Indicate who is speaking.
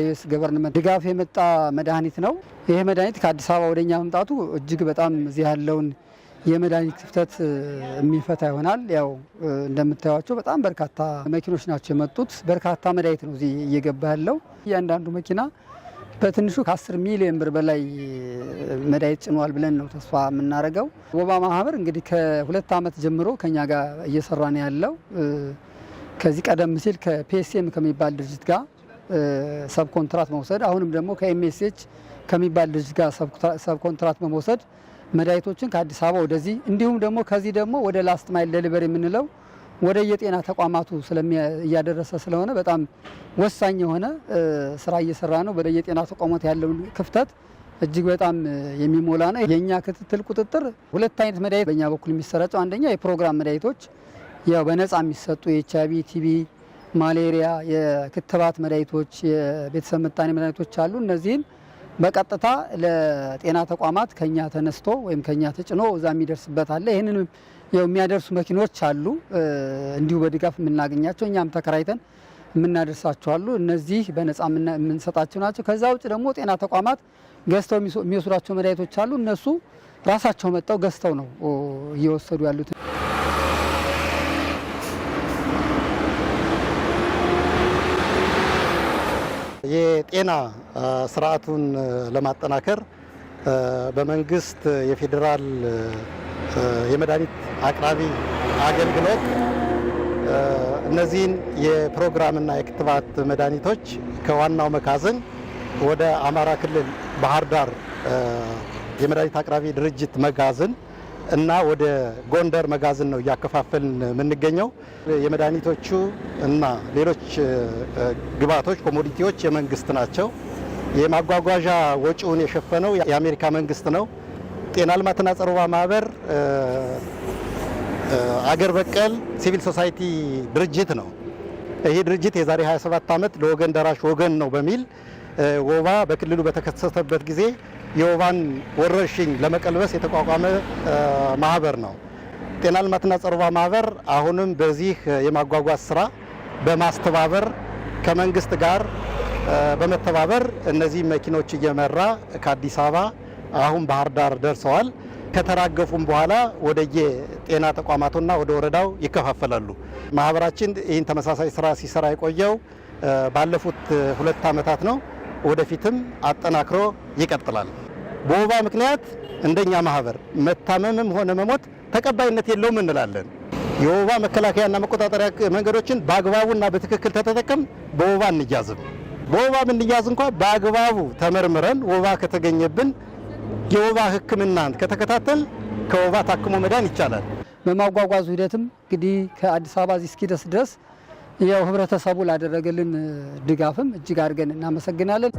Speaker 1: በዩኤስ ገቨርንመንት ድጋፍ የመጣ መድኃኒት ነው። ይሄ መድኃኒት ከአዲስ አበባ ወደኛ መምጣቱ እጅግ በጣም እዚህ ያለውን የመድኃኒት ክፍተት የሚፈታ ይሆናል። ያው እንደምታዩቸው በጣም በርካታ መኪኖች ናቸው የመጡት። በርካታ መድኃኒት ነው እዚህ እየገባ ያለው። እያንዳንዱ መኪና በትንሹ ከ10 ሚሊዮን ብር በላይ መድኃኒት ጭኗል ብለን ነው ተስፋ የምናደርገው። ወባ ማህበር እንግዲህ ከሁለት ዓመት ጀምሮ ከኛ ጋር እየሰራ ነው ያለው። ከዚህ ቀደም ሲል ከፒኤስኤም ከሚባል ድርጅት ጋር ሰብ ኮንትራት መውሰድ አሁንም ደግሞ ከኤምኤስኤች ከሚባል ልጅ ጋር ሰብ ኮንትራት በመውሰድ መድኃኒቶችን ከአዲስ አበባ ወደዚህ እንዲሁም ደግሞ ከዚህ ደግሞ ወደ ላስት ማይል ደሊቨር የምንለው ወደ የጤና ተቋማቱ እያደረሰ ስለሆነ በጣም ወሳኝ የሆነ ስራ እየሰራ ነው። ወደ የጤና ተቋማት ያለውን ክፍተት እጅግ በጣም የሚሞላ ነው። የእኛ ክትትል ቁጥጥር ሁለት አይነት መድኃኒት በእኛ በኩል የሚሰራጨው አንደኛ የፕሮግራም መድኃኒቶች ያው በነፃ የሚሰጡ ኤች አይቪ ቲቪ ማሌሪያ የክትባት መድኃኒቶች፣ የቤተሰብ ምጣኔ መድኃኒቶች አሉ። እነዚህም በቀጥታ ለጤና ተቋማት ከኛ ተነስቶ ወይም ከኛ ተጭኖ እዛ የሚደርስበት አለ። ይህንን የሚያደርሱ መኪኖች አሉ፣ እንዲሁ በድጋፍ የምናገኛቸው እኛም ተከራይተን የምናደርሳቸዋሉ። አሉ። እነዚህ በነጻ የምንሰጣቸው ናቸው። ከዛ ውጭ ደግሞ ጤና ተቋማት ገዝተው የሚወስዷቸው መድኃኒቶች አሉ። እነሱ ራሳቸው መጠው ገዝተው ነው እየወሰዱ ያሉት።
Speaker 2: የጤና ስርዓቱን ለማጠናከር በመንግስት የፌዴራል የመድኃኒት አቅራቢ አገልግሎት እነዚህን የፕሮግራምና የክትባት መድኃኒቶች ከዋናው መጋዘን ወደ አማራ ክልል ባህር ዳር የመድኃኒት አቅራቢ ድርጅት መጋዘን እና ወደ ጎንደር መጋዘን ነው እያከፋፈልን የምንገኘው። የመድኃኒቶቹ እና ሌሎች ግብዓቶች፣ ኮሞዲቲዎች የመንግስት ናቸው። የማጓጓዣ ወጪውን የሸፈነው የአሜሪካ መንግስት ነው። ጤና ልማትና ጸረ ማህበር አገር በቀል ሲቪል ሶሳይቲ ድርጅት ነው። ይህ ድርጅት የዛሬ 27 ዓመት ለወገን ደራሽ ወገን ነው በሚል ወባ በክልሉ በተከሰተበት ጊዜ የወባን ወረርሽኝ ለመቀልበስ የተቋቋመ ማህበር ነው። ጤና ልማትና ጸረ ወባ ማህበር አሁንም በዚህ የማጓጓዝ ስራ በማስተባበር ከመንግስት ጋር በመተባበር እነዚህ መኪኖች እየመራ ከአዲስ አበባ አሁን ባህር ዳር ደርሰዋል። ከተራገፉም በኋላ ወደየ ጤና ተቋማቱና ወደ ወረዳው ይከፋፈላሉ። ማህበራችን ይህን ተመሳሳይ ስራ ሲሰራ የቆየው ባለፉት ሁለት ዓመታት ነው። ወደፊትም አጠናክሮ ይቀጥላል። በወባ ምክንያት እንደኛ ማህበር መታመምም ሆነ መሞት ተቀባይነት የለውም እንላለን። የወባ መከላከያና መቆጣጠሪያ መንገዶችን በአግባቡና በትክክል ተተጠቀም በወባ እንያዝም። በወባ ብንያዝ እንኳ በአግባቡ ተመርምረን ወባ ከተገኘብን የወባ ሕክምና ከተከታተል ከወባ ታክሞ መዳን ይቻላል።
Speaker 1: በማጓጓዙ ሂደትም እንግዲህ ከአዲስ አበባ እዚህ እስኪደርስ ድረስ ያው ህብረተሰቡ ላደረገልን ድጋፍም እጅግ አድርገን እናመሰግናለን።